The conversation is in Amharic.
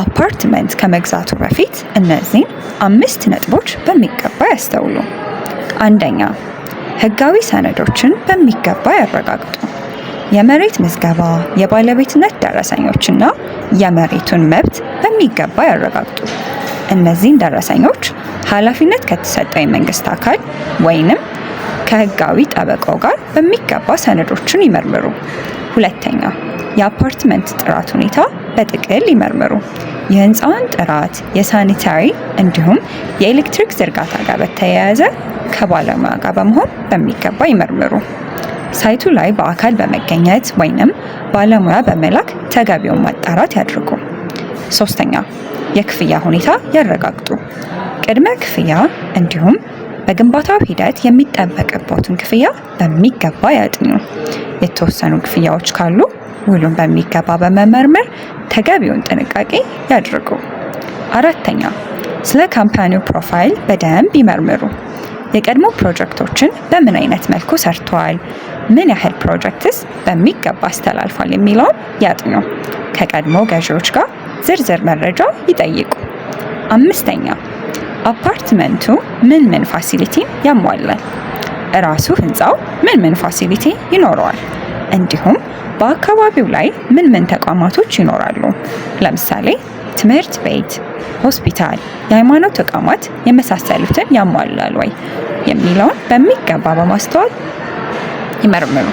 አፓርትመንት ከመግዛቱ በፊት እነዚህን አምስት ነጥቦች በሚገባ ያስተውሉ። አንደኛ፣ ህጋዊ ሰነዶችን በሚገባ ያረጋግጡ። የመሬት ምዝገባ፣ የባለቤትነት ደረሰኞችና የመሬቱን መብት በሚገባ ያረጋግጡ። እነዚህን ደረሰኞች ኃላፊነት ከተሰጠው የመንግስት አካል ወይንም ከህጋዊ ጠበቃው ጋር በሚገባ ሰነዶችን ይመርምሩ። ሁለተኛ፣ የአፓርትመንት ጥራት ሁኔታ በጥቅል ይመርምሩ። የህንፃውን ጥራት፣ የሳኒታሪ እንዲሁም የኤሌክትሪክ ዝርጋታ ጋር በተያያዘ ከባለሙያ ጋር በመሆን በሚገባ ይመርምሩ። ሳይቱ ላይ በአካል በመገኘት ወይንም ባለሙያ በመላክ ተገቢውን ማጣራት ያድርጉ። ሶስተኛ የክፍያ ሁኔታ ያረጋግጡ። ቅድመ ክፍያ እንዲሁም በግንባታው ሂደት የሚጠበቅቦትን ክፍያ በሚገባ ያጥኙ። የተወሰኑ ክፍያዎች ካሉ ውሉን በሚገባ በመመርመር ተገቢውን ጥንቃቄ ያድርጉ። አራተኛ፣ ስለ ካምፓኒው ፕሮፋይል በደንብ ይመርምሩ። የቀድሞ ፕሮጀክቶችን በምን አይነት መልኩ ሰርተዋል፣ ምን ያህል ፕሮጀክትስ በሚገባ አስተላልፏል የሚለውን ያጥኙ። ከቀድሞ ገዢዎች ጋር ዝርዝር መረጃ ይጠይቁ። አምስተኛ አፓርትመንቱ ምን ምን ፋሲሊቲ ያሟላል? እራሱ ህንፃው ምን ምን ፋሲሊቲ ይኖረዋል? እንዲሁም በአካባቢው ላይ ምን ምን ተቋማቶች ይኖራሉ? ለምሳሌ ትምህርት ቤት፣ ሆስፒታል፣ የሃይማኖት ተቋማት የመሳሰሉትን ያሟላል ወይ የሚለውን በሚገባ በማስተዋል ይመርምሩ።